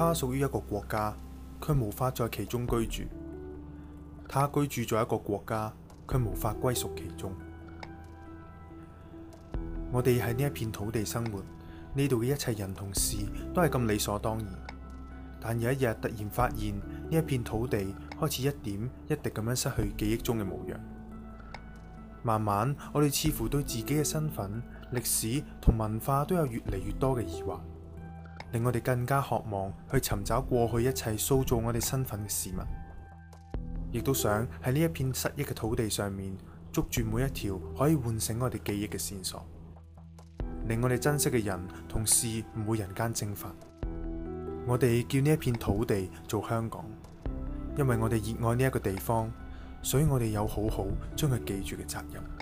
他屬於一個國家，却無法在其中居住；他居住在一個國家，却無法歸屬其中。我哋喺呢一片土地生活，呢度嘅一切人同事都係咁理所當然。但有一日突然發現，呢一片土地開始一點一滴咁樣失去記憶中嘅模樣。慢慢，我哋似乎對自己嘅身份、歷史同文化都有越嚟越多嘅疑惑。令我哋更加渴望去尋找過去一切塑造我哋身份嘅事物，亦都想喺呢一片失憶嘅土地上面捉住每一條可以喚醒我哋記憶嘅線索，令我哋珍惜嘅人同事唔會人間蒸發。我哋叫呢一片土地做香港，因為我哋熱愛呢一個地方，所以我哋有好好將佢記住嘅責任。